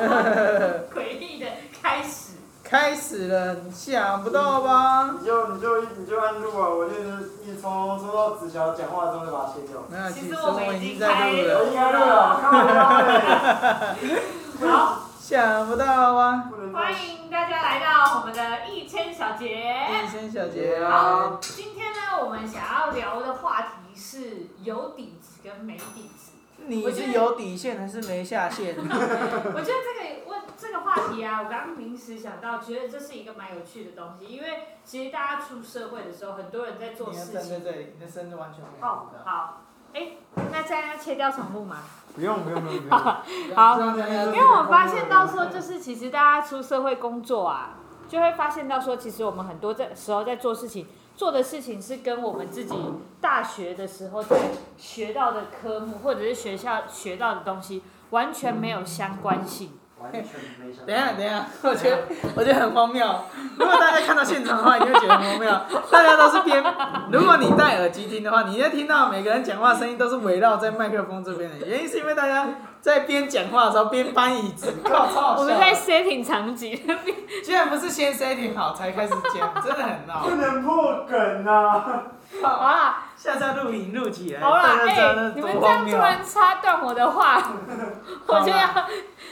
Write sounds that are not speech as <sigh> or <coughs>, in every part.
詭異 <laughs> 的開始。開始了，你想不到吧？嗯、你就你就你就按住啊！我就是一從說到子喬講話的時候，把它切掉。其實我們已經開開在錄了。開了， <laughs> 好。 <laughs> 想不到吧？歡迎大家來到我們的《一千小節》。一千小節哦。好，今天呢，我們想要聊的話題是有底子跟沒底子。你是有底線還是沒下線？我覺， <laughs> okay, 我覺得這個問這個話題啊，我剛剛臨時想到，覺得這是一個蠻有趣的東西，因為其實大家出社會的時候，很多人在做事情。你要站在這裡，你的身都完全、哦、好，哎、欸，那這樣要切掉寵物嗎？不用不用不用。不用不用好。好，因為我發現到說，就是其實大家出社會工作啊，就會發現到說，其實我們很多時候在做事情。做的事情是跟我們自己大學的時候在學到的科目，或者是學校學到的東西，完全沒有相關性。 <noise> 等一下，等一下，我覺得我覺得很荒謬。如果大家看到現場的話， <laughs> 你就會覺得很荒謬。大家都是邊，如果你戴耳機聽的話，你一會聽到每個人講話聲音都是圍繞在麥克風這邊的原因，是因為大家在邊講話的時候邊搬椅子。我， <noise> 我們在 setting 場景，居然不是先 setting 好才開始講，真的很鬧。不能破梗啊！ <laughs> 好啊。下下錄影錄起來，好啦，哎、欸，你們這樣突然插斷我的話， <laughs> 啦我就要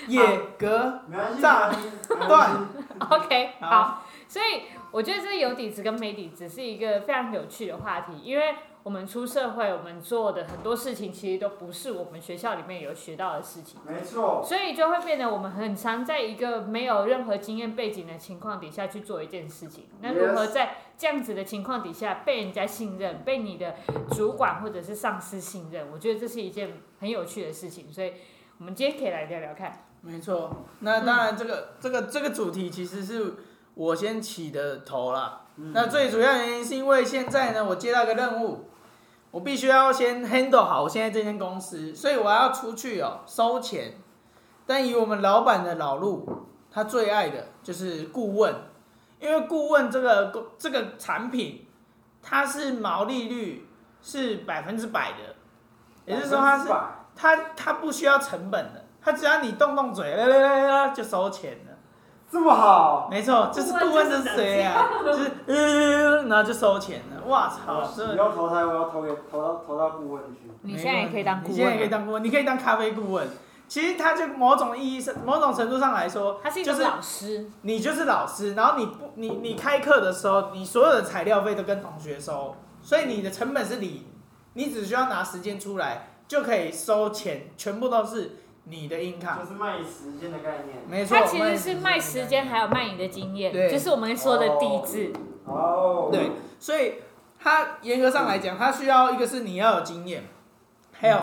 野格炸斷。OK，好，好，所以我覺得這有底子跟沒底子是一個非常有趣的話題，因為。我們出社會，我們做的很多事情，其實都不是我們學校裡面有學到的事情。沒錯。所以就會變得我們很常在一個沒有任何經驗背景的情況底下去做一件事情。那如何在這樣子的情況底下被人家信任，被你的主管或者是上司信任？我覺得這是一件很有趣的事情。所以，我們今天可以來聊聊看。沒錯。那當然，這個、嗯、這個這個主題其實是我先起的頭啦。嗯、那最主要原因是因為現在呢，我接到一個任務。我必須要先 handle 好我現在這間公司，所以我要出去哦收錢。但以我們老闆的老路，他最愛的就是顧問，因為顧問這個這個產品，它是毛利率是百分之百的，也就是說它是它它不需要成本的，它只要你動動嘴，來來來來就收錢。這麼好？沒錯，就是顧問是誰啊？ <laughs> 就是嗯、呃呃呃、然後就收錢了。我操！你要投胎，我要投給投到投到顧問去。你現在也可以當顧問、啊，你現在也可以當顧問，啊、你可以當咖啡顧問。其實它就某種意義上、某種程度上來說，它是一個老師。就你就是老師，然後你不，你你開課的時候，你所有的材料費都跟同學收，所以你的成本是零，你只需要拿時間出來就可以收錢，全部都是。你的 income 就是賣時間的概念，沒錯錯，他其實是賣時間，時間還有賣你的經驗，對就是我們說的地質。哦。Oh. Oh. 對，所以他嚴格上來講，他、嗯、需要一個是你要有經驗，嗯、還有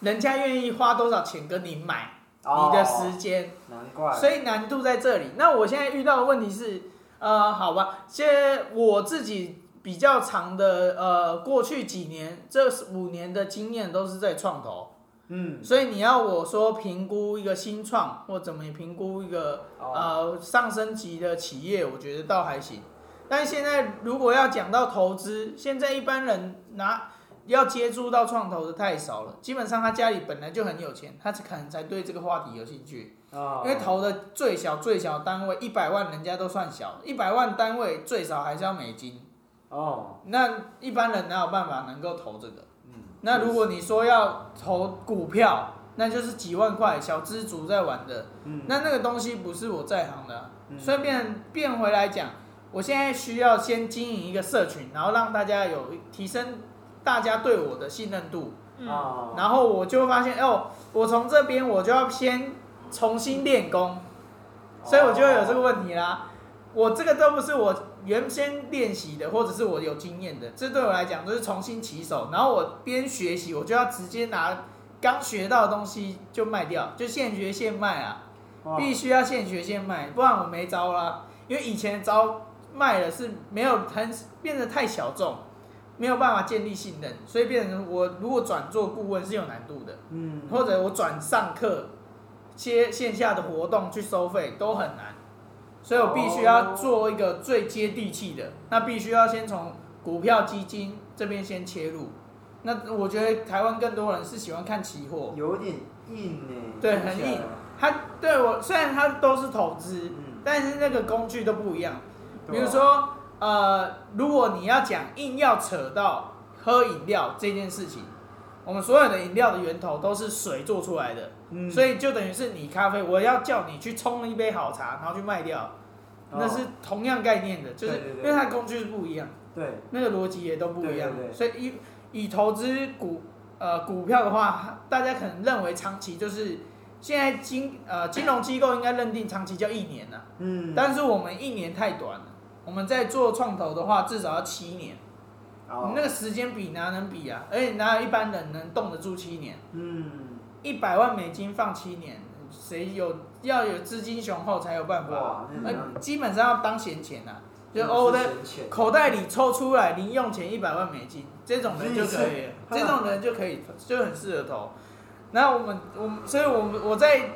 人家願意花多少錢跟你買、oh. 你的時間。難怪。所以難度在這裡。那我現在遇到的問題是，呃，好吧，先我自己比較長的，呃，過去幾年這五年的經驗都是在創投。嗯，所以你要我說評估一個新創或怎麼也評估一個啊、oh. 呃、上升級的企業，我覺得倒還行。但現在如果要講到投資，現在一般人拿要接觸到創投的太少了，基本上他家裡本來就很有錢，他可能才對這個話題有興趣。啊，oh. 因為投的最小最小單位一百萬，人家都算小，一百萬單位最少還是要美金。哦，oh. 那一般人哪有辦法能夠投這個？那如果你說要投股票，那就是幾萬塊小資族在玩的。嗯、那那個東西不是我在行的、啊。順便、嗯、變，變回來講，我現在需要先經營一個社群，然後讓大家有提升大家對我的信任度。嗯哦、然後我就會發現，哦、欸，我從這邊我就要先重新練功，所以我就會有這個問題啦。哦、我這個都不是我。原先練習的，或者是我有經驗的，這對我來講都是重新起手。然後我邊學習，我就要直接拿剛學到的東西就賣掉，就現學現賣啊！必須要現學現賣，不然我沒招啦。因為以前的招賣了是沒有很變得太小眾，沒有辦法建立信任，所以變成我如果轉做顧問是有難度的，嗯，或者我轉上課、接線下的活動去收費都很難。所以我必須要做一個最接地氣的，那必須要先從股票基金這邊先切入。那我覺得台灣更多人是喜歡看期貨，有點硬哎，對，很硬。它對我雖然它都是投資，但是那個工具都不一樣。比如說，呃，如果你要講硬要扯到喝飲料這件事情，我們所有的飲料的源頭都是水做出來的。嗯、所以就等於是你咖啡，我要叫你去沖一杯好茶，然後去賣掉，哦、那是同樣概念的，就是因為它的工具是不一樣，對，對，那個邏輯也都不一樣，對對對對、所以以，以投資股，呃、股票的話，大家可能認為長期就是現在金呃金融機構應該認定長期叫一年了，啊，嗯、但是我們一年太短了，我們在做創投的話至少要七年，哦、你那個時間比哪能比啊？而且哪有一般人能動得住七年？嗯一百萬美金放七年，誰有要有資金雄厚才有辦法。那基本上要當閒錢啊，就哦、的、嗯、口袋裡抽出來零用錢一百萬美金，這種人就可以，這種人就可以，就很適合投。然後我們，我們，所以我們我在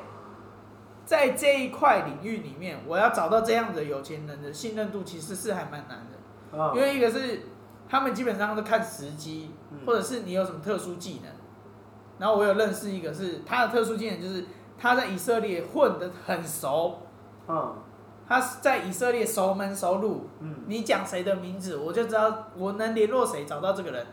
在這一塊領域裡面，我要找到這樣的有錢人的信任度其實是還蠻難的。哦、因為一個是他們基本上都看時機，嗯、或者是你有什麼特殊技能。然後我有認識一個，是他的特殊技能就是他在以色列混得很熟，嗯，他在以色列熟門熟路，嗯，你講誰的名字，我就知道我能聯絡誰，找到這個人，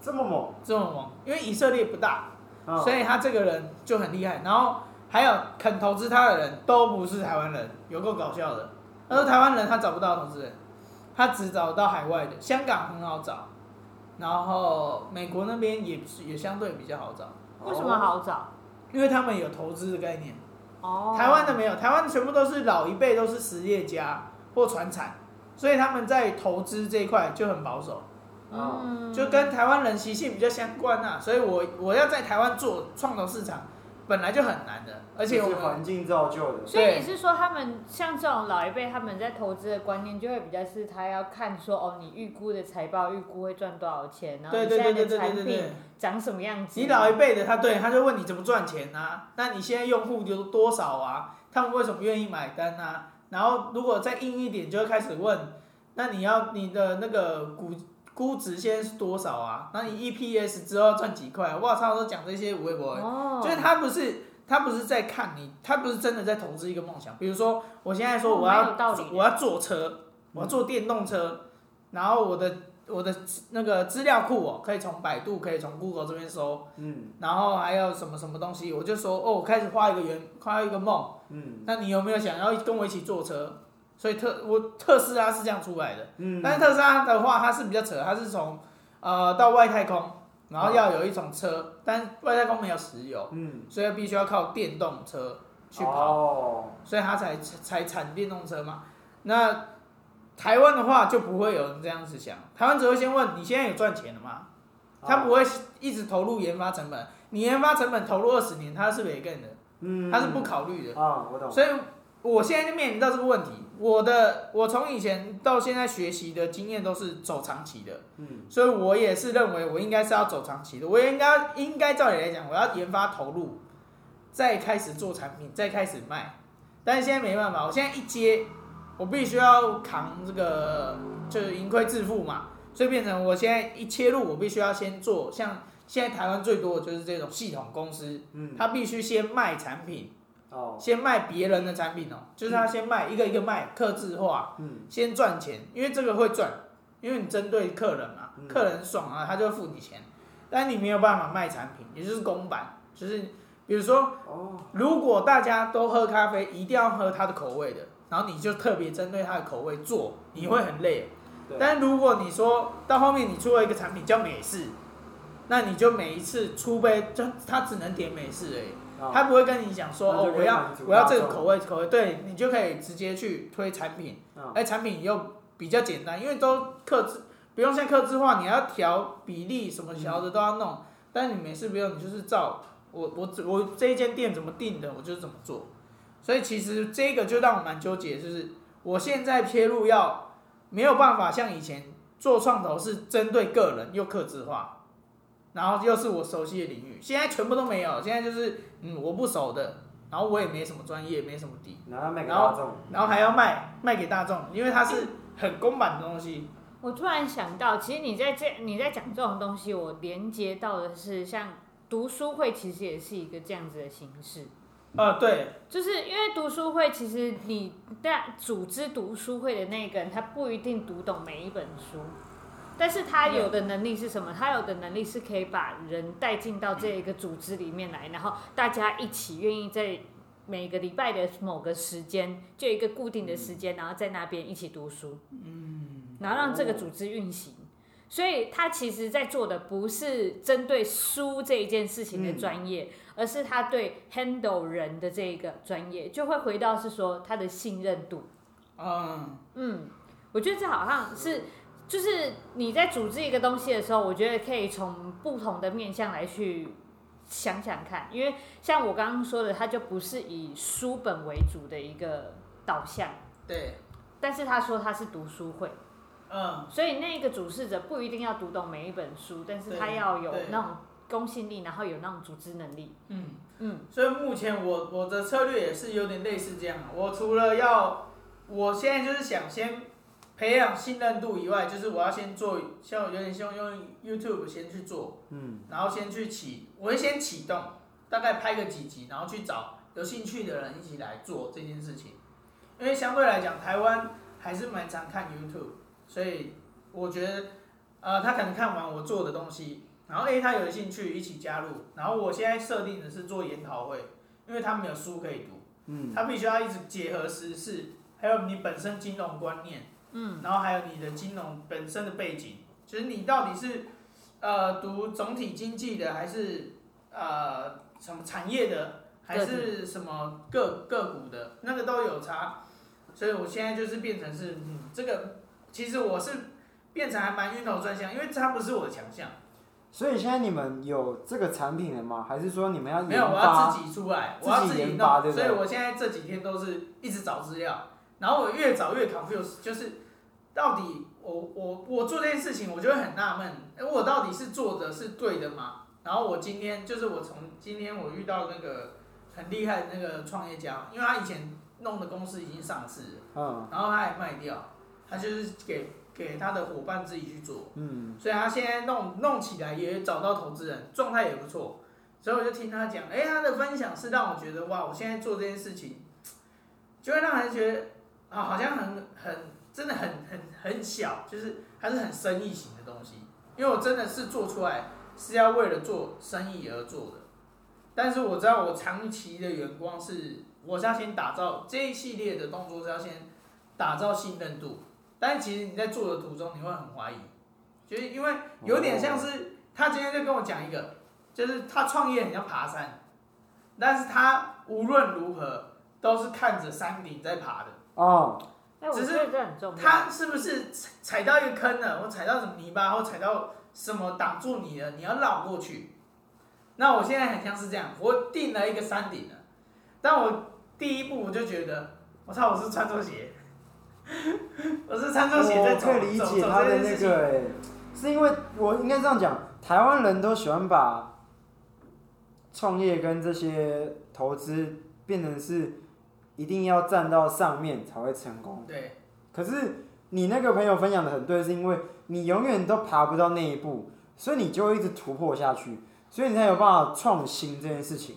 這麼猛，這麼猛，因為以色列不大，所以他這個人就很厲害。然後還有肯投資他的人都不是台灣人，有夠搞笑的，而是台灣人他找不到投資人，他只找到海外的，香港很好找。然後美國那邊也也相對比較好找，為什麼好找？哦？因為他們有投資的概念，哦、台灣的沒有，台灣全部都是老一輩都是實業家或傳產，所以他們在投資這一塊就很保守，嗯、就跟台灣人習性比較相關啊，所以我我要在台灣做創投市場。本來就很難的，而且我們環境造就的。所以你是說，他們像這種老一輩，他們在投資的觀念就會比較是，他要看說，哦，你預估的財報預估會賺多少錢，然後你現在的產品長什麼樣子對對對對對對對？你老一輩的他，他對他就問你怎麼賺錢啊？那你現在用戶有多少啊？他們為什麼願意買單啊？然後如果再硬一點，就會開始問，那你要你的那個股。估值現在是多少啊？那你 EPS 之後要賺幾塊、啊？我操，常常都講這些微博，我會不會哦、就是他不是他不是在看你，他不是真的在投資一個夢想。比如說，我現在說我要我要坐車，我要坐電動車，嗯、然後我的我的那個資料庫、哦，我可以從百度可以從 Google 這邊搜，嗯，然後還有什麼什麼東西，我就說哦，我開始畫一個圓，畫一個夢，嗯，那你有沒有想要跟我一起坐車？所以特我特斯拉是這樣出來的，嗯、但是特斯拉的話，它是比較扯，它是從呃到外太空，然後要有一種車，哦、但外太空沒有石油，嗯、所以必須要靠電動車去跑，哦、所以它才才產電動車嘛。那台灣的話就不會有人這樣子想，台灣只會先問你現在有賺錢了嗎？他不會一直投入研發成本，你研發成本投入二十年，它是沒幹的，嗯、他是不考慮的，哦、我懂，所以。我現在就面臨到這個問題，我的我從以前到現在學習的經驗都是走長期的，嗯，所以我也是認為我應該是要走長期的，我應該應該照理來講，我要研發投入，再開始做產品，再開始賣，但是現在沒辦法，我現在一接，我必須要扛這個就是盈虧自負嘛，所以變成我現在一切入，我必須要先做，像現在台灣最多的就是這種系統公司，嗯，他必須先賣產品。先賣別人的產品哦、喔，就是他先賣一個一個賣，客製化，先賺錢，因為這個會賺，因為你針對客人嘛、啊，客人爽啊，他就付你錢，但你沒有辦法賣產品，也就是公版，就是比如說，如果大家都喝咖啡，一定要喝他的口味的，然後你就特別針對他的口味做，你會很累、喔，但如果你說到後面你出了一個產品叫美式，那你就每一次出杯，他他只能點美式而已。哦、他不會跟你講說哦，我要我要這個口味口味，對，你就可以直接去推產品。哎、哦欸，產品又比較簡單，因為都客製，不用像客製化，你要調比例什麼調的都要弄。嗯、但是你沒事不用，你就是照我我我這一間店怎麼定的，我就怎麼做。所以其實這個就讓我蠻糾結，就是我現在切入要沒有辦法像以前做創投是針對個人又客製化，然後又是我熟悉的領域，現在全部都沒有，現在就是，嗯，我不熟的，然後我也沒什麼專業，沒什麼底，然後賣給大眾，然後還要賣賣給大眾，嗯、因為它是很公版的東西。我突然想到，其實你在這你在講這種東西，我連接到的是像讀書會，其實也是一個這樣子的形式。啊、呃，對，就是因為讀書會，其實你但組織讀書會的那個人，他不一定讀懂每一本書。但是他有的能力是什麼？嗯、他有的能力是可以把人帶進到這一個組織裡面來，然後大家一起願意在每個禮拜的某個時間，就一個固定的時間，嗯、然後在那邊一起讀書。嗯，然後讓這個組織運行。哦、所以他其實在做的不是針對書這一件事情的專業，嗯、而是他對 handle 人的這一個專業，就會回到是說他的信任度。嗯嗯，我覺得這好像是。就是你在組織一個東西的時候，我覺得可以從不同的面向來去想想看，因為像我剛剛說的，他就不是以書本為主的一個導向。對。但是他說他是讀書會，嗯，所以那個主事者不一定要讀懂每一本書，但是他要有那種公信力，然後有那種組織能力。嗯嗯。所以目前我我的策略也是有點類似這樣，我除了要，我現在就是想先。培養信任度以外，就是我要先做，像我有點希望用 YouTube 先去做，嗯、然後先去啟，我會先啟動，大概拍個幾集，然後去找有興趣的人一起來做這件事情。因為相對來講，台灣還是蠻常看 YouTube，所以我覺得，呃，他可能看完我做的東西，然後欸他有興趣一起加入，然後我現在設定的是做研討會，因為他沒有書可以讀，嗯、他必須要一直結合時事，還有你本身金融觀念。嗯，然後還有你的金融本身的背景，就是你到底是呃讀總體經濟的，還是呃什麼產業的，還是什麼個個對股的，那個都有差。所以我現在就是變成是，嗯、這個其實我是變成還蠻暈頭轉向，因為它不是我的強項。所以現在你們有這個產品了嗎？還是說你們要沒有，我要自己出來，我要自己弄。對對，所以我現在這幾天都是一直找資料，然後我越找越 confuse，就是。到底我我我做這件事情，我就會很納悶，因為我到底是做的是對的嘛？然後我今天就是我從今天我遇到那個很厲害的那個創業家，因為他以前弄的公司已經上市，然後他也賣掉，他就是給給他的夥伴自己去做，所以他現在弄弄起來也找到投資人，狀態也不錯，所以我就聽他講，哎，他的分享是讓我覺得哇，我現在做這件事情，就會讓人覺得啊，好像很很。真的很很很小，就是還是很生意型的東西，因為我真的是做出來是要為了做生意而做的。但是我知道我長期的眼光是，我是要先打造這一系列的動作是要先打造信任度。但其實你在做的途中，你會很懷疑，就是因為有點像是他今天就跟我講一個，就是他創業很像爬山，但是他無論如何都是看着山頂在爬的。哦。只是他是不是踩，踩到一個坑了？我踩到什麼泥巴？或踩到什麼擋住你了？你要繞過去。那我現在很像是這樣，我定了一個山頂了，但我第一步我就覺得，我操，我是穿錯鞋，我是穿錯鞋在走，走。我可以理解他的那個、欸，是因為我應該這樣講，台灣人都喜歡把創業跟這些投資變成是。一定要站到上面才會成功。對，可是你那個朋友分享的很對，是因為你永遠都爬不到那一步，所以你就會一直突破下去，所以你才有辦法創新這件事情，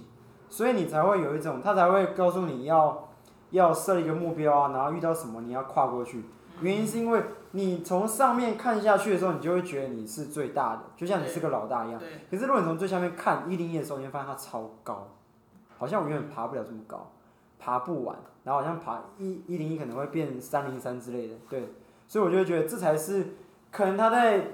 所以你才會有一種他才會告訴你要要設立一個目標啊，然後遇到什麼你要跨過去，原因是因為你從上面看下去的時候，你就會覺得你是最大的，就像你是個老大一樣。可是如果你從最下面看一零一的時候，你會發現它超高，好像我永遠爬不了這麼高。爬不完，然後好像爬一一零一可能會變三零三之類的，對，所以我就會覺得這才是可能他在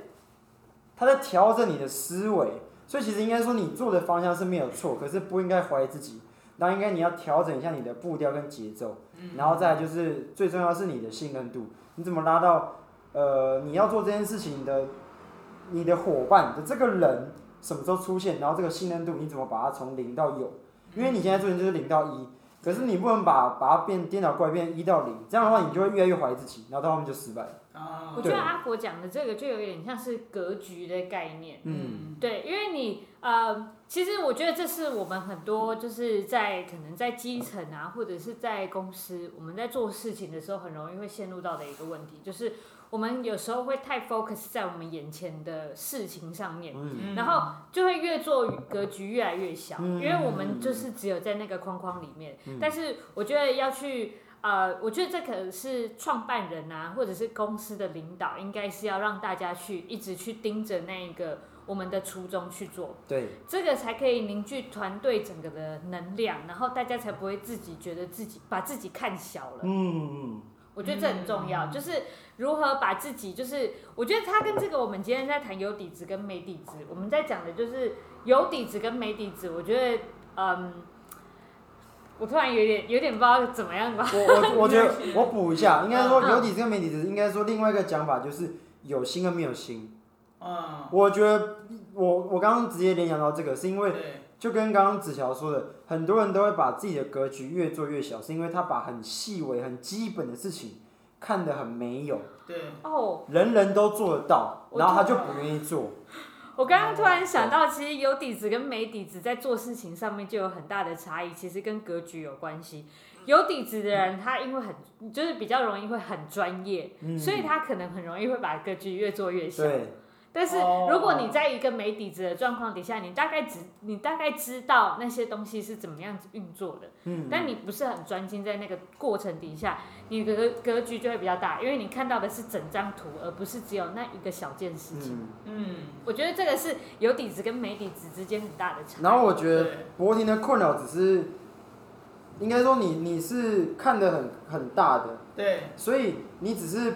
他在調整你的思維，所以其實應該說你做的方向是沒有錯，可是不應該懷疑自己，那應該你要調整一下你的步調跟節奏，然後再來就是最重要是你的信任度，你怎麼拉到呃你要做這件事情的你的夥伴的這個人什麼時候出現，然後這個信任度你怎麼把它從零到有，因為你現在做的就是零到一。可是你不能把把它變顛倒過來變一到零，這樣的話你就會越來越懷疑自己，然後到後面就失敗了。啊、對我覺得阿國講的這個就有點像是格局的概念。嗯，對，因為你呃，其實我覺得這是我們很多就是在可能在基層啊，或者是在公司，我們在做事情的時候很容易會陷入到的一個問題，就是。我們有時候會太 focus 在我們眼前的事情上面，嗯、然後就會越做格局越來越小，嗯、因為我們就是只有在那個框框裡面。嗯、但是我覺得要去、呃，我覺得這可是創辦人啊，或者是公司的領導，應該是要讓大家去一直去盯着那個我們的初衷去做，對，這個才可以凝聚團隊整個的能量，然後大家才不會自己覺得自己把自己看小了，嗯嗯。嗯我覺得這很重要，就是如何把自己，就是我覺得他跟這個，我們今天在談有底子跟沒底子，我們在講的就是有底子跟沒底子。我覺得，嗯，我突然有點有點不知道怎麼樣吧。我我我覺得我補一下，應該說有底子跟沒底子，應該說另外一個講法就是有心跟沒有心。嗯，我覺得我我剛剛直接聯想到這個，是因為就跟剛剛子喬說的。很多人都會把自己的格局越做越小，是因為他把很細微、很基本的事情看得很沒有。對哦，人人都做得到，然後他就不願意做。我剛剛突然想到，其實有底子跟沒底子在做事情上面就有很大的差異，其實跟格局有關係。有底子的人，他因為很就是比較容易會很專業，嗯，所以他可能很容易會把格局越做越小。對。但是，如果你在一個沒底子的狀況底下，oh, oh. 你大概只你大概知道那些東西是怎麼樣子運作的，嗯，但你不是很專心在那個過程底下，你的格,格局就會比較大，因為你看到的是整張圖，而不是只有那一個小件事情。嗯,嗯，我覺得這個是有底子跟沒底子之間很大的差。然後我覺得對柏廷的困擾只是，應該說你你是看得很很大的，對，所以你只是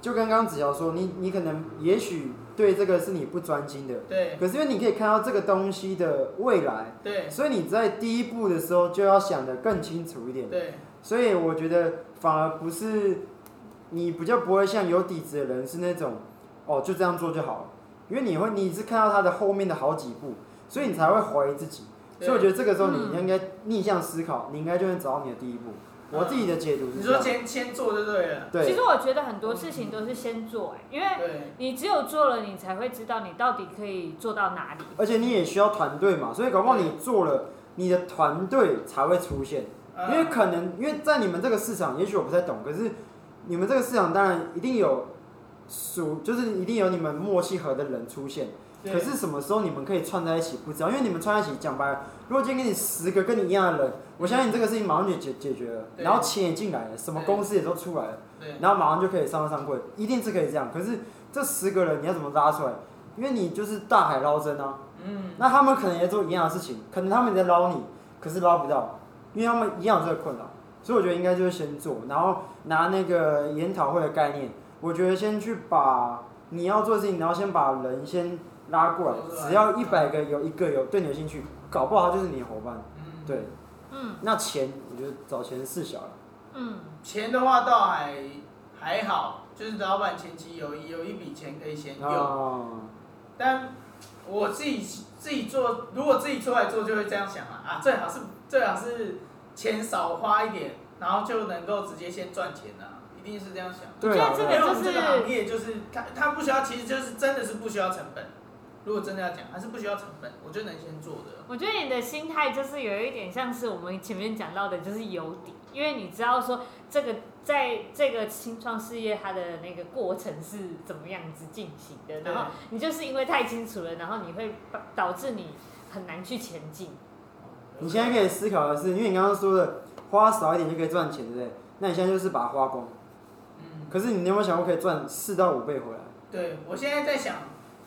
就跟剛剛子瑤說，你你可能也許。對這個是你不專心的，對。可是因為你可以看到這個東西的未來，對。所以你在第一步的時候就要想得更清楚一點，對。所以我覺得反而不是你比較不會像有底子的人是那種，哦，就這樣做就好了，因為你會你是看到他的後面的好幾步，所以你才會懷疑自己。對所以我覺得這個時候你應該逆向思考，嗯、你應該就能找到你的第一步。我自己的解讀是，嗯，你說先先做就對了。對。其實我覺得很多事情都是先做，欸，因為你只有做了，你才會知道你到底可以做到哪裡。而且你也需要團隊嘛，所以搞不好你做了，對你的團隊才會出現。嗯，因為可能因為在你們這個市場，也許我不太懂，可是你們這個市場當然一定有屬，就是一定有你們默契合的人出現。可是什麼時候你們可以串在一起？不知道，因為你們串在一起講白了，如果今天給你十個跟你一樣的人，我相信這個事情馬上就解解決了，然後錢也進來了，什麼公司也都出來了，然後馬上就可以上上櫃，一定是可以這樣。可是這十個人你要怎麼拉出來？因為你就是大海撈針啊。嗯。那他們可能也在做一樣的事情，可能他們也在撈你，可是撈不到，因為他們一樣都在困擾。所以我覺得應該就是先做，然後拿那個研討會的概念，我覺得先去把你要做的事情，然後先把人先。拉過來，只要一百個有一個有、嗯、有對你有興趣，搞不好他就是你的夥伴。對，嗯，嗯，那錢我覺得找錢事小了。嗯，錢的話倒還還好，就是老闆前期有有一筆錢可以先用。哦、啊。但我自己自己做，如果自己出來做，就會這樣想啊啊，最好是最好是錢少花一點，然後就能夠直接先賺錢的、啊，一定是這樣想。對、啊，因為我們、就是、這個行業就是他他不需要，其實就是真的是不需要成本。如果真的要講，還是不需要成本，我覺得能先做的。我覺得你的心態就是有一點像是我們前面講到的，就是有底，因為你知道說這個在這個新創事業它的那個過程是怎麼樣子進行的，對然後你就是因為太清楚了，然後你會導致你很難去前進。你現在可以思考的是，因為你剛剛說的花少一點就可以賺錢，對不對？那你現在就是把它花光。嗯。可是你有沒有想過可以賺四到五倍回來？對我現在在想，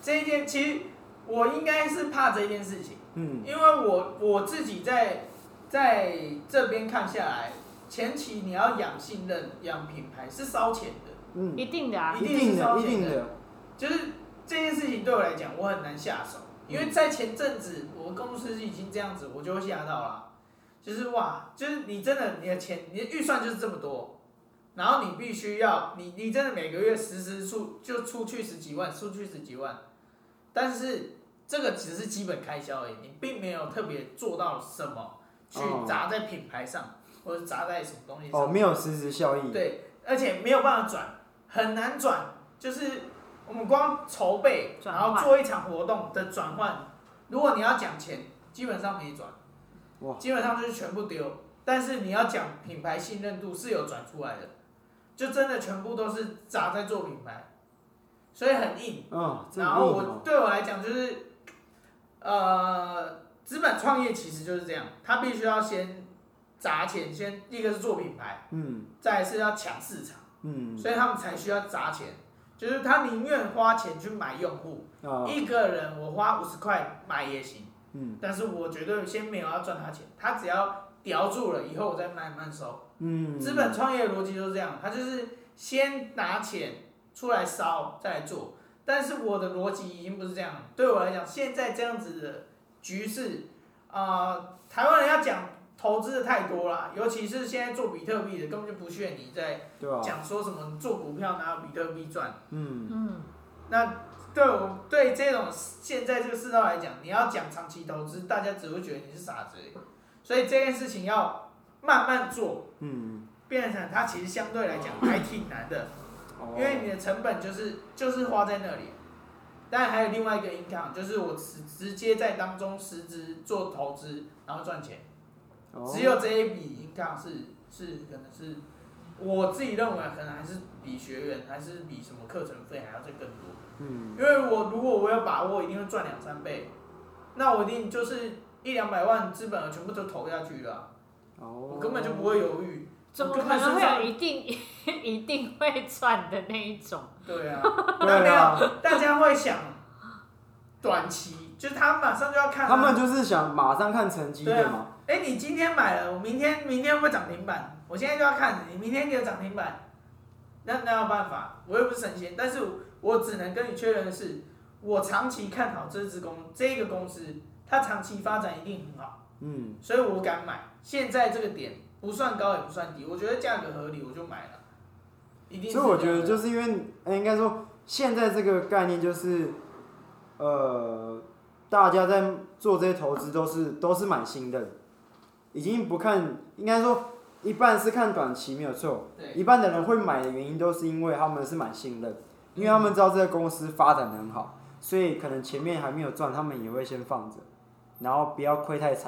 這一天其實。我應該是怕這件事情，嗯，因為我我自己在在這邊看下來，前期你要養信任，養品牌是燒錢的，嗯，一定的啊，一定是燒錢的，一定的，就是這件事情對我來講，我很難下手，嗯，因為在前陣子我公司已經這樣子，我就會嚇到了，就是哇，就是你真的你的錢你的預算就是這麼多，然後你必須要你你真的每個月實時出就出去十幾萬，出去十幾萬。但是這個只是基本開銷而已，你並沒有特別做到什麼去砸在品牌上，哦、或者砸在什麼東西上，哦，沒有實質效益。對，而且沒有辦法轉，很難轉。就是我們光籌備，換然後做一場活動的轉換，如果你要講錢，基本上沒轉，哇基本上就是全部丟。但是你要講品牌信任度是有轉出來的，就真的全部都是砸在做品牌。所以很硬，嗯、哦，然後我、哦、對我來講就是，呃，資本創業其實就是這樣，他必須要先砸錢，先第一個是做品牌，嗯，再是要搶市場，嗯，所以他們才需要砸錢，就是他寧願花錢去買用戶，哦、一個人我花五十塊買也行，嗯，但是我絕對先沒有要賺他錢，他只要叼住了以後我再慢慢收，嗯，資本創業邏輯就是這樣，他就是先拿錢。出來燒，再來做。但是我的邏輯已經不是這樣了。對我來講，現在這樣子的局勢啊、呃，台灣人要講投資的太多了，尤其是現在做比特幣的根本就不屑你在講說什麼、啊、做股票哪有比特幣賺。嗯嗯。那對我對這種現在這個世道來講，你要講長期投資，大家只會覺得你是傻子。所以這件事情要慢慢做。嗯。變成它其實相對來講還挺難的。因為你的成本就是就是花在那裡，但還有另外一個 income，就是我直直接在當中辭職做投資，然後賺錢，只有這一筆 income 是是可能是我自己認為可能還是比學員還是比什麼課程費還要再更多，因為我如果我有把握，一定會賺兩三倍，那我一定就是一兩百萬資本全部都投下去了，我根本就不會猶豫。怎麼可能會有一定一定會賺的那一種？對啊，沒有 <laughs> 大家會想短期， <laughs> 就是他們馬上就要看他，他們就是想馬上看成績對嗎？啊？哎、欸，你今天買了，我明天明天會漲停板，我現在就要看，你明天就漲停板，那那有辦法？我又不是神仙，但是我只能跟你確認的是，我長期看好這隻公這個公司，它長期發展一定很好，嗯，所以我敢買，現在這個點。不算高也不算低，我覺得價格合理，我就買了。所以我覺得就是因為，哎，應該說現在這個概念就是，呃，大家在做這些投資都是都是蠻信任，已經不看，應該說一半是看短期沒有錯，對。一半的人會買的原因都是因為他們是蠻信任，因為他們知道這個公司發展的很好，對所以可能前面還沒有賺，他們也會先放着，然後不要虧太慘。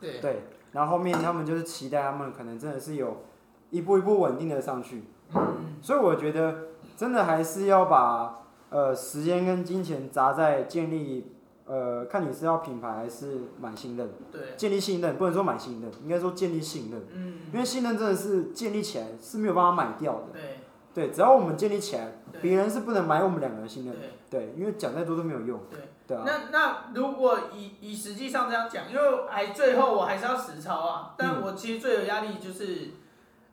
對。對。然後後面他們就是期待，他們可能真的是有一步一步穩定的上去。所以我覺得真的還是要把呃時間跟金錢砸在建立，呃，看你是要品牌，還是買信任。對。建立信任不能說買信任，應該說建立信任。因為信任真的是建立起來是沒有辦法買掉的。對。只要我們建立起來，別人是不能買我們兩個的信任。對。因為講再多都沒有用。啊、那那如果以以實際上這樣講，因為還最後我還是要實操啊，但我其實最有壓力就是，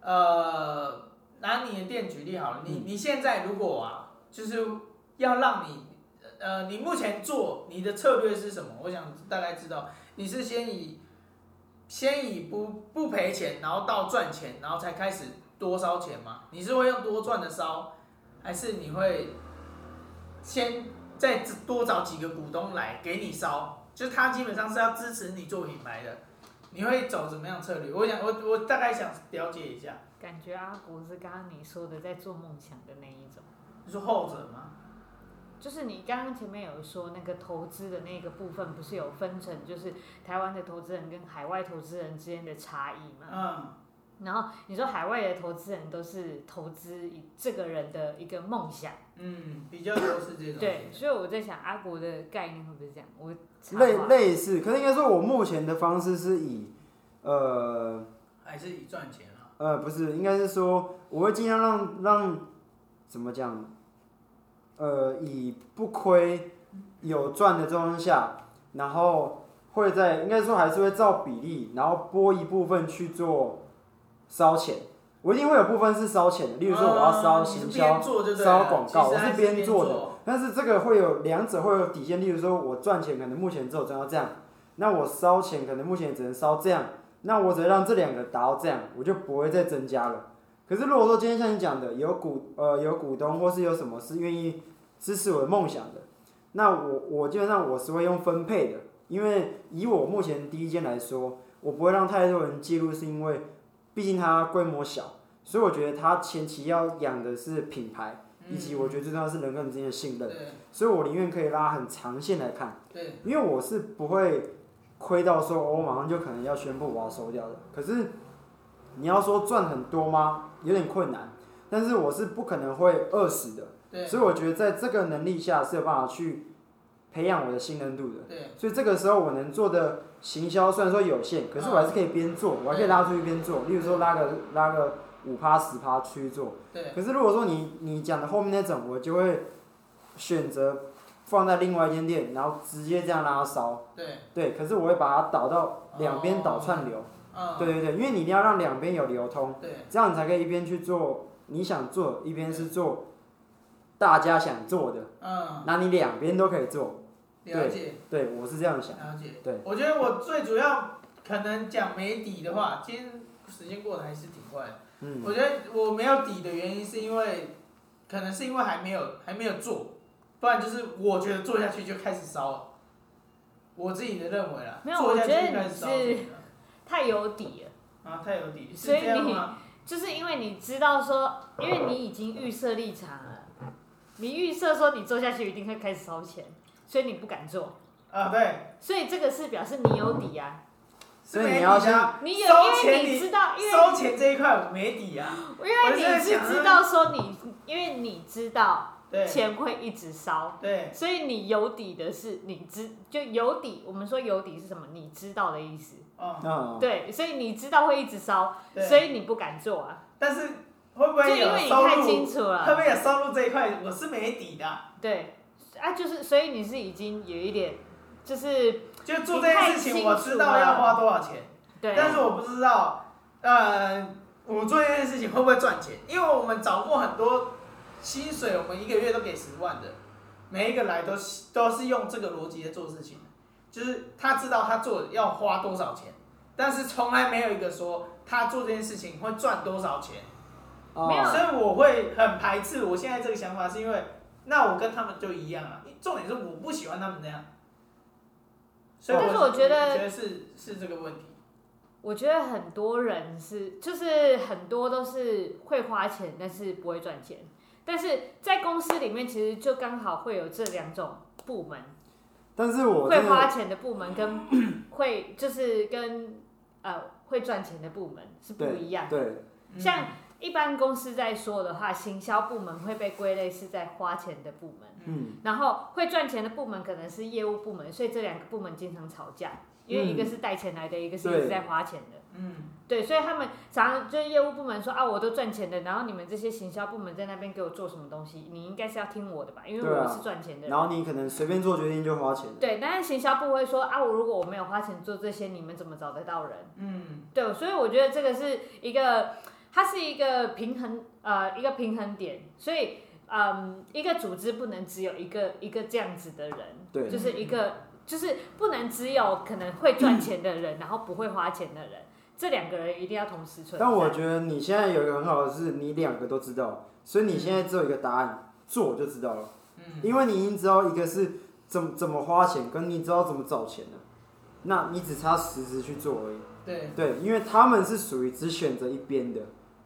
嗯、呃，拿你的店舉例好了，你你現在如果啊，就是要讓你，呃，你目前做你的策略是什麼？我想大概知道，你是先以先以不不賠錢，然後到賺錢，然後才開始多燒錢嗎？你是會用多賺的燒，還是你會先？再多找幾個股東來給你燒，就是他基本上是要支持你做品牌的。你會走怎麼樣策略？我想，我我大概想了解一下。感覺阿國是剛剛你說的在做夢想的那一種。就是後者嗎？就是你剛剛前面有說那個投資的那個部分，不是有分成，就是台灣的投資人跟海外投資人之間的差異嗎？嗯。然後你說海外的投資人都是投資以這個人的一個夢想，嗯，比較多是這種。 <laughs> 對，所以我在想阿國的概念會不會這樣？我類類似，可是應該說，我目前的方式是以呃還是以賺錢啊？呃，不是，應該是說我會盡量讓讓怎麼講？呃，以不虧有賺的狀況下，然後會在應該說還是會照比例，然後撥一部分去做，燒錢，我一定會有部分是燒錢的。例如說，我要燒行銷，嗯，燒廣告，我是邊做的。是做的，但是這個會有兩者會有底線。例如說，我賺錢可能目前只有賺到這樣，那我燒錢可能目前只能燒這樣，那我只能讓這兩個達到這樣，我就不會再增加了。可是如果說今天像你講的，有股呃有股東或是有什麼是願意支持我的夢想的，那我我基本上我是會用分配的，因為以我目前第一間來說，我不會讓太多人介入，是因為。畢竟它規模小，所以我覺得它前期要養的是品牌，嗯、以及我覺得最重要是人跟人之間的信任。對所以我寧願可以拉很長線來看，對因為我是不會虧到說、哦、我馬上就可能要宣布我要收掉的。可是你要說賺很多嗎？有點困難，但是我是不可能會餓死的。對所以我覺得在這個能力下是有辦法去。培養我的信任度的，對，所以這個時候我能做的行銷雖然說有限，可是我還是可以邊做，我還可以拉出去邊做，例如說拉個拉個五趴十趴去做，對。可是如果說你你講的後面那種，我就會選擇放在另外一間店，然後直接這樣拉燒，對，可是我會把它導到兩邊導串流，對對對，因為你一定要讓兩邊有流通，這樣你才可以一邊去做你想做，一邊是做大家想做的，嗯，那你兩邊都可以做。了解，對，對，我是這樣想。了解，對，我覺得我最主要可能講沒底的話，今天時間過得還是挺快的。嗯。我覺得我沒有底的原因是因為，可能是因為還沒有還沒有做，不然就是我覺得做下去就開始燒了。我自己的認為啦。沒有，就開始是太有底了。啊，太有底，所以你是就是因為你知道說，因為你已經預設立場了，你預設說你做下去一定會開始燒錢。所以你不敢做啊？對。所以這個是表示你有底啊。所以你要收，你有，因為你知道，因為燒錢這一塊沒底啊。因為你是知道說你，因為你知道錢會一直燒，對。所以你有底的是你知就有底。我們說有底是什麼？你知道的意思。哦。對，所以你知道會一直燒，所以你不敢做啊。但是會不會有收入，就因為你太清楚了。特別有收入這一塊，我是沒底的。對。哎、啊，就是，所以你是已經有一點，就是就做這件事情，我知道要花多少錢，對，但是我不知道，嗯、呃，我做這件事情會不會賺錢？嗯、因為我們找過很多，薪水我們一個月都給十萬的，每一個來都是都是用這個邏輯在做事情，就是他知道他做要花多少錢，但是從來沒有一個說他做這件事情會賺多少錢，哦、所以我會很排斥我現在這個想法，是因為。那我跟他們就一樣啊，重點是我不喜歡他們那樣。是但是我覺得，我覺得是是這個問題。我覺得很多人是，就是很多都是會花錢，但是不會賺錢。但是在公司裡面，其實就剛好會有這兩種部門。但是我會花錢的部門跟會就是跟呃會賺錢的部門是不一樣的對。對，嗯、像。一般公司在說的話，行銷部門會被歸類是在花錢的部門，嗯，然後會賺錢的部門可能是業務部門，所以這兩個部門經常吵架，因為一個是帶錢來的，一個是，也是在花錢的，對嗯，對，所以他們常常就是業務部門說啊，我都賺錢的，然後你們這些行銷部門在那邊給我做什麼東西，你應該是要聽我的吧，因為我是賺錢的人，啊，然後你可能隨便做決定就花錢，對，但是行銷部會說啊，我如果我沒有花錢做這些，你們怎麼找得到人？嗯，對，所以我覺得這個是一個。它是一個平衡，呃，一個平衡點，所以，嗯，一個組織不能只有一個一個這樣子的人，對，就是一個就是不能只有可能會賺錢的人， <coughs> 然後不會花錢的人，這兩個人一定要同時存在。但我覺得你現在有一個很好的是，你兩個都知道，所以你現在只有一個答案，嗯、做就知道了，因為你已經知道一個是怎怎麼花錢，跟你知道怎麼找錢了，那你只差實質去做而已，對對，因為他們是屬於只選擇一邊的。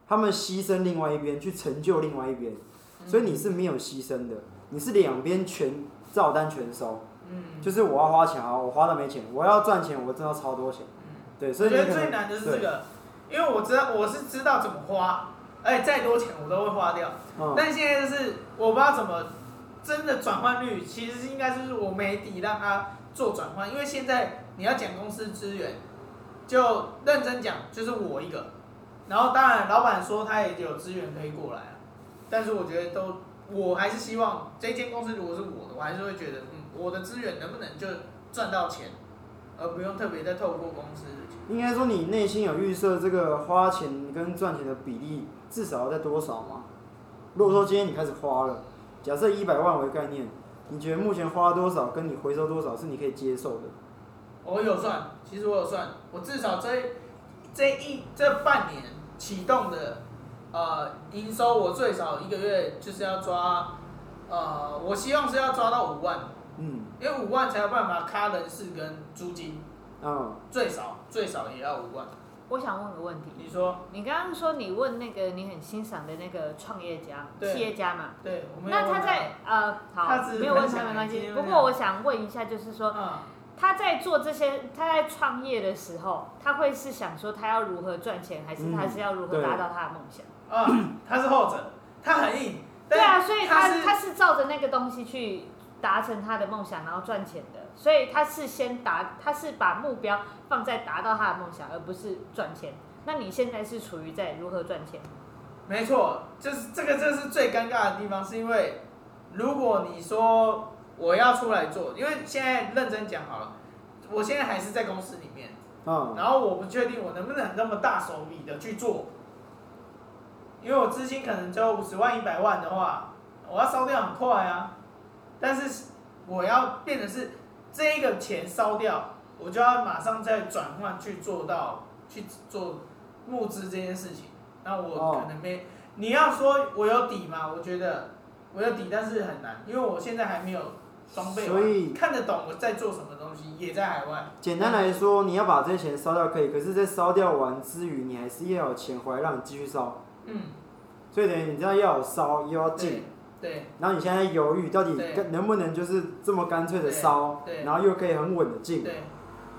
他們犧牲另外一邊去成就另外一邊，所以你是沒有犧牲的，嗯、你是兩邊全照單全收，嗯、就是我要花錢啊，我花到沒錢，我要賺錢，我賺到超多錢，嗯、對，所以我覺得最難的是這個，對因為我知道我是知道怎麼花，哎、欸，再多錢我都會花掉，嗯、但現在就是我不知道怎麼真的轉換率，其實應該就是我沒底讓他做轉換，因為現在你要講公司資源，就認真講就是我一個。然後當然，老闆說他也有資源可以過來，但是我覺得都，我還是希望這間公司如果是我的，我還是會覺得，嗯，我的資源能不能就賺到錢，而不用特別再透過公司的錢。應該說你內心有預設這個花錢跟賺錢的比例，至少要在多少嗎？如果說今天你開始花了，假設一百萬為概念，你覺得目前花多少，跟你回收多少是你可以接受的？我有算，其實我有算，我至少這這一這半年，啟動的，呃，營收我最少一個月就是要抓，呃，我希望是要抓到五萬，嗯，因為五萬才有辦法卡人事跟租金，嗯，最少最少也要五萬。我想問個問題，你說，你剛剛說你問那個你很欣賞的那個創業家、對企業家嘛？對，我沒有問他，那他在呃，好，他沒有問題，沒關係。問不過我想問一下，就是說。嗯他在做這些，他在創業的時候，他會是想說他要如何賺錢，還是他是要如何達到他的夢想？啊、嗯呃，他是後者，他很硬。對啊，所以他他是照着那個東西去達成他的夢想，然後賺錢的。所以他是先達，他是把目標放在達到他的夢想，而不是賺錢。那你現在是處於在如何賺錢？沒錯，就是這個，就是最尷尬的地方，是因為如果你說。我要出來做，因為現在認真講好了，我現在還是在公司裡面，哦、然後我不確定我能不能那麼大手筆的去做，因為我資金可能就五十萬一百萬的話，我要燒掉很快啊，但是我要變的是這個錢燒掉，我就要馬上再轉換去做到去做募資這件事情，那我可能沒，哦、你要說我有底嗎？我覺得我有底，但是很難，因為我現在還沒有。所以看得懂我在做什麼東西，也在海外。簡單來說，你要把這些錢燒掉可以，可是，在燒掉完之餘，你還是要有錢回來讓你繼續燒。嗯。所以等於你現在要有燒，又要進。對。然後你現在猶豫到底能不能就是這麼乾脆的燒，對，然後又可以很穩的進。對。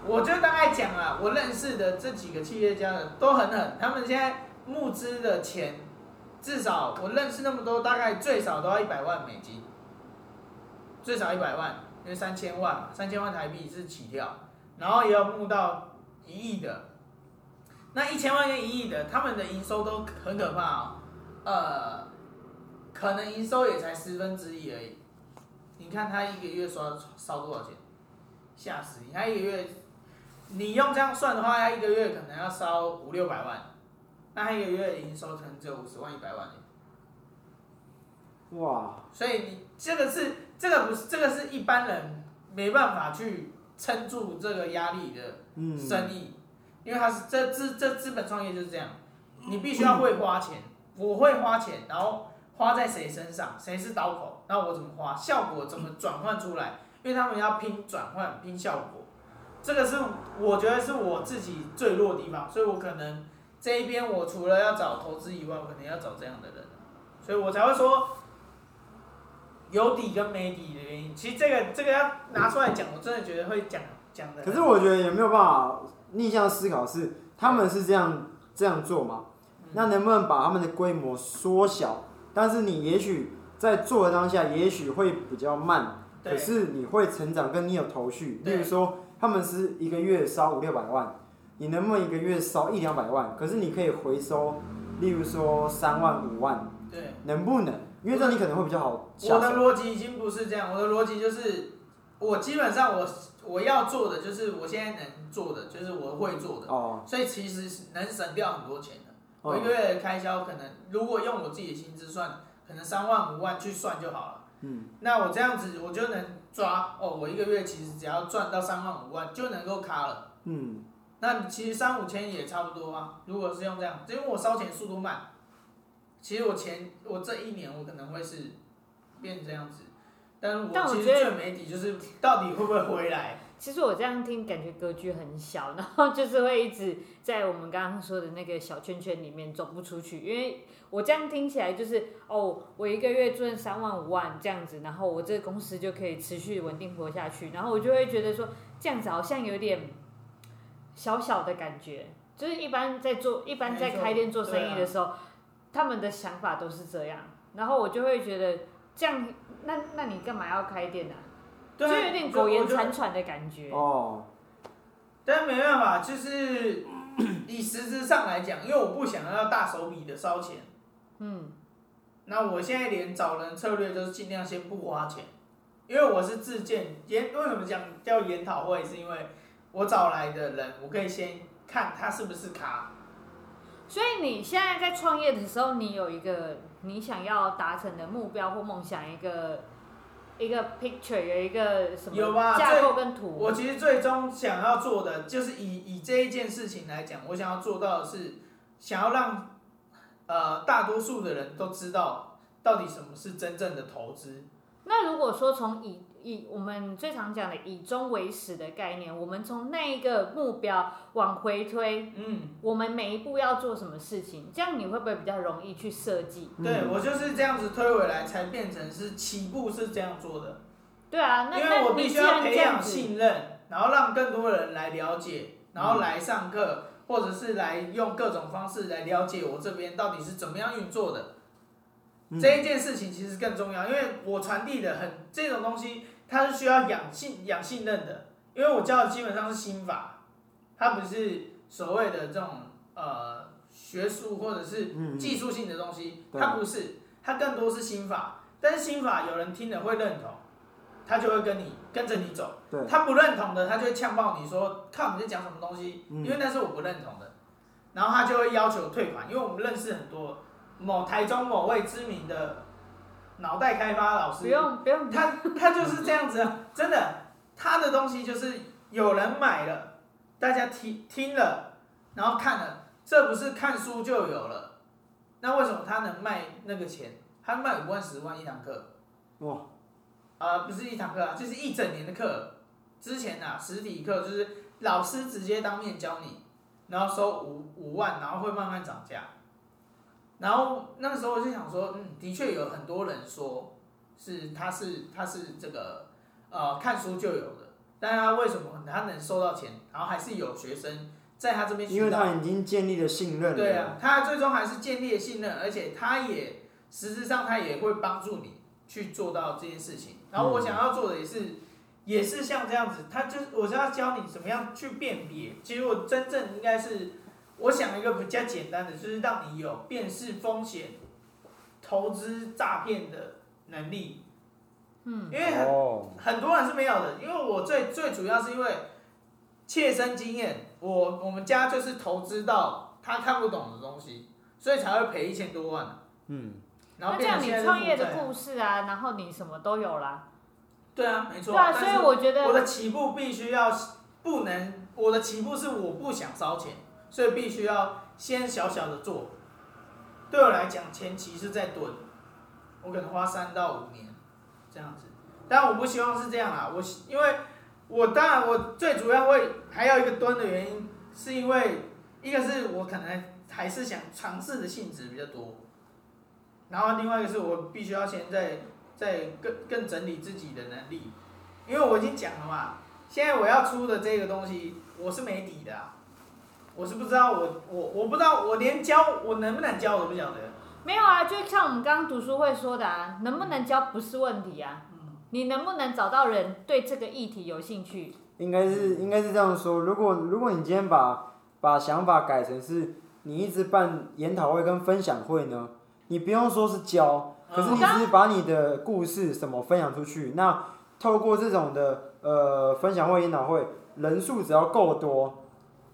我就大概講啦，我認識的這幾個企業家的都很狠，他們現在募資的錢，至少我認識那麼多，大概最少都要一百萬美金。最少一百萬，因為三千萬，三千萬台幣是起跳，然後也要募到一億的，那一千萬跟一億的，他們的營收都很可怕啊、哦，呃，可能營收也才十分之一而已，你看他一個月刷燒多少錢，嚇死你，他一個月，你用這樣算的話，他一個月可能要燒五六百萬，那他一個月營收可能只有五十萬一百萬耶，哇，所以你這個是。這個不是，這個是一般人沒辦法去撐住這個壓力的生意，嗯、因為它是這資這，這資本創業就是這樣，你必須要會花錢，嗯、我會花錢，然後花在誰身上，誰是刀口，那我怎麼花，效果怎麼轉換出來，因為他們要拼轉換，拼效果，這個是我覺得是我自己最弱的地方，所以我可能這一邊我除了要找投資以外，我可能要找這樣的人，所以我才會說。有底跟沒底的原因，其實這個這個要拿出來講，我真的覺得會講講的。可是我覺得也沒有辦法逆向思考是，是他們是這樣這樣做嘛。嗯、那能不能把他們的規模縮小？但是你也許在做的當下，也許會比較慢，對可是你會成長，跟你有頭緒。對例如說，他們是一個月燒五六百萬，你能不能一個月燒一兩百萬？可是你可以回收，例如說三萬五萬，對，能不能？因為你可能會比較好。我的邏輯已經不是這樣，我的邏輯就是，我基本上我我要做的就是我現在能做的，就是我會做的，嗯哦、所以其實能省掉很多錢的。我一個月的開銷可能如果用我自己的薪資算，可能三萬五萬去算就好了。嗯、那我這樣子我就能抓哦，我一個月其實只要賺到三萬五萬就能夠卡了。嗯。那其實三五千也差不多啊。如果是用這樣，因為我燒錢速度慢。其實我前我這一年我可能會是變這樣子，但我其實最沒底就是到底會不會回來。其實我這樣聽感覺格局很小，然後就是會一直在我們剛剛說的那個小圈圈裡面走不出去，因為我這樣聽起來就是哦，我一個月賺三萬五萬這樣子，然後我這個公司就可以持續穩定活下去，然後我就會覺得說這樣子好像有點小小的感覺，就是一般在做一般在開店做生意的時候。他們的想法都是這樣，然後我就會覺得這樣，那那你幹嘛要開店呢？啊？對就有點苟延殘喘的感覺我我哦。但沒辦法，就是、嗯、以實質上來講，因為我不想要大手筆的燒錢。嗯。那我現在連找人策略都是儘量先不花錢，因為我是自建研，為什麼講叫研討會？是因為我找來的人，我可以先看他是不是卡。所以你現在在創業的時候，你有一個你想要達成的目標或夢想，一個一個 picture，有一個什麼架構跟圖？有吧，我其實最終想要做的，就是以以這一件事情來講，我想要做到的是，想要讓呃大多數的人都知道到底什麼是真正的投資。那如果說從以以我們最常講的“以終為始”的概念，我們從那一個目標往回推，嗯，我們每一步要做什麼事情，這樣你會不會比較容易去設計？嗯、對，我就是這樣子推回來，才變成是起步是這樣做的。對啊，那因為我必須要培養信任，然後讓更多人來了解，然後來上課，嗯、或者是來用各種方式來了解我這邊到底是怎麼樣運作的。這一件事情其實更重要，因為我傳遞的很這種東西，它是需要養信、養信任的。因為我教的基本上是心法，它不是所謂的這種呃學術或者是技術性的東西，嗯嗯它不是，對它更多是心法。但是心法有人聽了會認同，他就會跟你跟着你走。他、嗯、不認同的，他就會嗆爆你說看你在講什麼東西，嗯、因為那是我不認同的，然後他就會要求退款，因為我們認識很多。某台中某位知名的腦袋開發老師，不用不用，他他就是這樣子啊，真的，他的東西就是有人買了，大家聽聽了，然後看了，這不是看書就有了，那為什麼他能賣那個錢？他賣五萬、十萬一堂課，哇，啊，呃，不是一堂課啊，就是一整年的課。之前啊實體課就是老師直接當面教你，然後收五五萬，然後會慢慢漲價。然後那個時候我就想說，嗯，的確有很多人說，是他是他是這個，呃，看書就有的，但他為什麼他能收到錢，然後還是有學生在他這邊學習？因為他已經建立了信任了。對啊，他最終還是建立了信任，而且他也實質上他也會幫助你去做到這件事情。然後我想要做的也是、嗯、也是像這樣子，他就是我想要教你怎麼樣去辨別，其實我真正應該是。我想了一個比較簡單的，就是讓你有辨識風險、投資詐騙的能力。嗯，因為很、oh. 很多人是沒有的。因為我最最主要是因為切身經驗，我我們家就是投資到他看不懂的東西，所以才會賠一千多萬。嗯，那這樣你創業的故事啊，然後你什麼都有啦。對啊，沒錯。對啊，所以我覺得我的起步必須要不能，我的起步是我不想燒錢。所以必須要先小小的做，對我來講，前期是在蹲，我可能花三到五年這樣子，但我不希望是這樣啦，我因為，我當然我最主要會還有一個蹲的原因，是因為一個是我可能還是想嘗試的性質比較多，然後另外一個是我必須要先在在更更整理自己的能力，因為我已經講了嘛，現在我要出的這個東西，我是沒底的啊。我是不知道，我我我不知道，我連教我能不能教都不曉得。的沒有啊，就像我們剛剛讀書會說的啊，能不能教不是問題啊，嗯、你能不能找到人對這個議題有興趣？應該是應該是這樣說，如果如果你今天把把想法改成是你一直辦研討會跟分享會呢，你不用說是教，可是你只是把你的故事什麼分享出去，嗯、那透過這種的呃分享會研討會，人數只要夠多。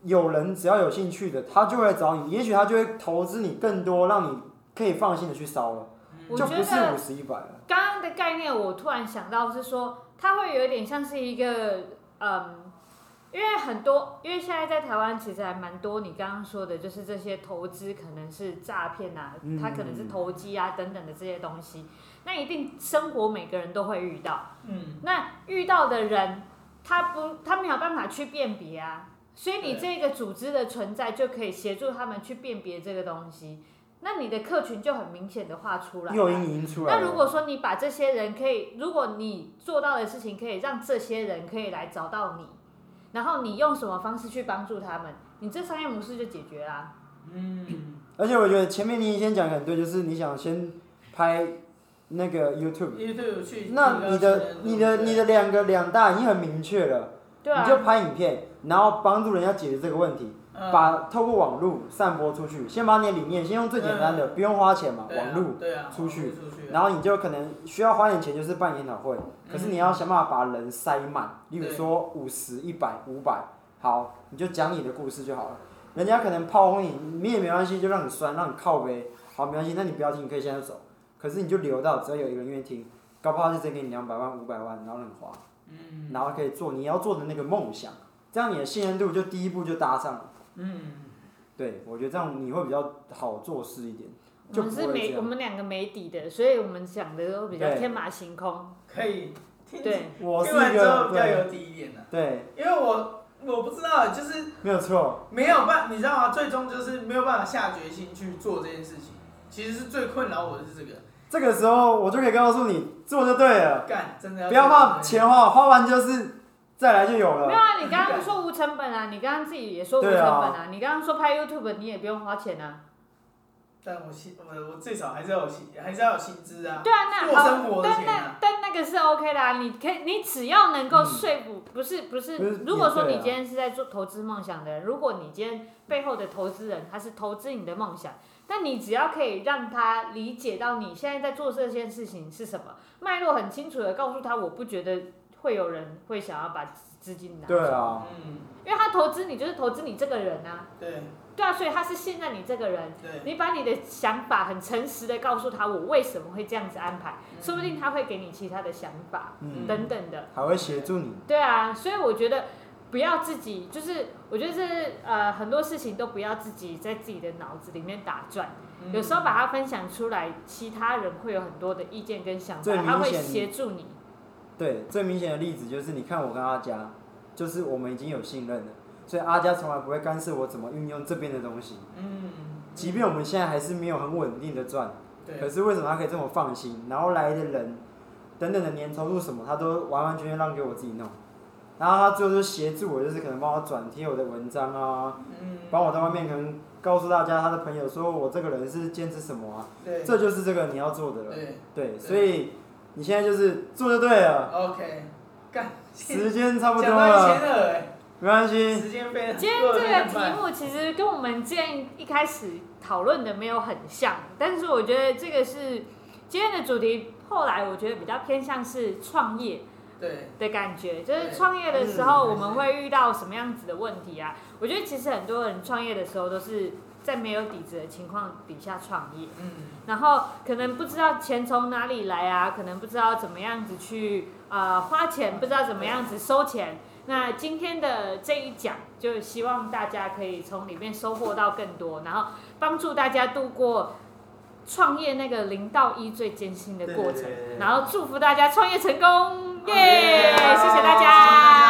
有人只要有興趣的，他就會來找你。也許他就會投資你更多，讓你可以放心的去燒了，我覺得就不是五十一百了。剛剛的概念，我突然想到是說，他會有點像是一個，嗯，因為很多，因為現在在台灣其實還蠻多。你剛剛說的就是這些投資可能是詐騙啊，他、嗯、可能是投機啊等等的這些東西。那一定生活每個人都會遇到，嗯，那遇到的人，他不，他沒有辦法去辨別啊。所以你這個組織的存在就可以協助他們去辨別這個東西，那你的客群就很明顯的畫出來。那如果說你把這些人可以，如果你做到的事情可以讓這些人可以來找到你，然後你用什麼方式去幫助他們，你這商業模式就解決啦。嗯，而且我覺得前面你先講很對，就是你想先拍那個 YouTube，YouTube 去，那你的、你的、你的兩個兩大已經很明確了，你就拍影片。然後幫助人家解決這個問題，嗯、把透過網絡散播出去。嗯、先把你的理念，先用最簡單的，嗯、不用花錢嘛，啊、網絡出去。啊、出去然後你就可能需要花點錢，錢，就是辦研討會。嗯、可是你要想辦法把人塞滿。嗯、例如說五十一百五百，好，你就講你的故事就好了。人家可能炮轟你，你也沒關係，就讓你酸，讓你靠唄。好，沒關係，那你不要聽，你可以現在走。可是你就留到只要有一個人願意聽，搞不好就直接給你兩百萬、五百萬，然後讓你花，嗯、然後可以做你要做的那個夢想。這樣你的信任度就第一步就搭上了。嗯，對，我覺得這樣你會比較好做事一點。我們是沒我們兩個沒底的，所以我們想的都比較天馬行空。可以，對。我聽完之後比較有底一點的。對。因為我我不知道，就是沒有錯，沒有辦法，你知道嗎？最終就是沒有辦法下決心去做這件事情，其實是最困擾我是這個。這個時候我就可以告訴你，做就對了。幹，真的不要怕錢花，花完就是。來就有了。沒有啊！你剛剛說無成本啊！你剛剛自己也說無成本啊！啊你剛剛說拍 YouTube，你也不用花錢啊。但我薪呃，我最少還是要有還是要有薪資啊。對啊，那好，啊、但那但那個是 OK 的啊！你可以，你只要能夠說服，不是不是，如果說你今天是在做投資夢想的人，啊、如果你今天背後的投資人他是投資你的夢想，那你只要可以讓他理解到你現在在做這件事情是什麼脈絡，很清楚的告訴他，我不覺得。會有人會想要把資金拿走，對啊，因為他投資你就是投資你這個人啊，對，對啊，所以他是信任你這個人，你把你的想法很誠實的告訴他，我為什麼會這樣子安排，說不定他會給你其他的想法，等等的，他會協助你，對啊，所以我覺得不要自己，就是我覺得是呃很多事情都不要自己在自己的腦子裡面打轉，有時候把它分享出來，其他人會有很多的意見跟想法，他會協助你。對，最明顯的例子就是你看我跟阿佳，就是我們已經有信任了，所以阿佳從來不會干涉我怎麼運用這邊的東西。嗯。嗯，即便我們現在還是沒有很穩定的賺，對可是為什麼他可以這麼放心？然後來的人，等等的粘稠度，什麼，他都完完全全讓給我自己弄。然後他最後就協助我，就是可能幫我轉貼我的文章啊，嗯、幫我在外面可能告訴大家他的朋友說我這個人是堅持什麼啊，對這就是這個你要做的了，對，對，所以。你現在就是做的對了。OK，時間差不多了。沒關係。時間非常好。今天這個題目其實跟我們今天一開始討論的沒有很像，但是我覺得這個是今天的主題。後來我覺得比較偏向是創業。對。的感覺就是創業的時候我們會遇到什麼樣子的問題啊？我覺得其實很多人創業的時候都是。在沒有底子的情況底下創業，嗯，然後可能不知道錢從哪裡來啊，可能不知道怎麼樣子去啊、呃、花錢，不知道怎麼樣子收錢。那今天的這一講，就希望大家可以從裡面收穫到更多，然後幫助大家度過創業那個零到一最艱辛的過程，對對對對，然後祝福大家創業成功，對對對對，耶！謝謝大家。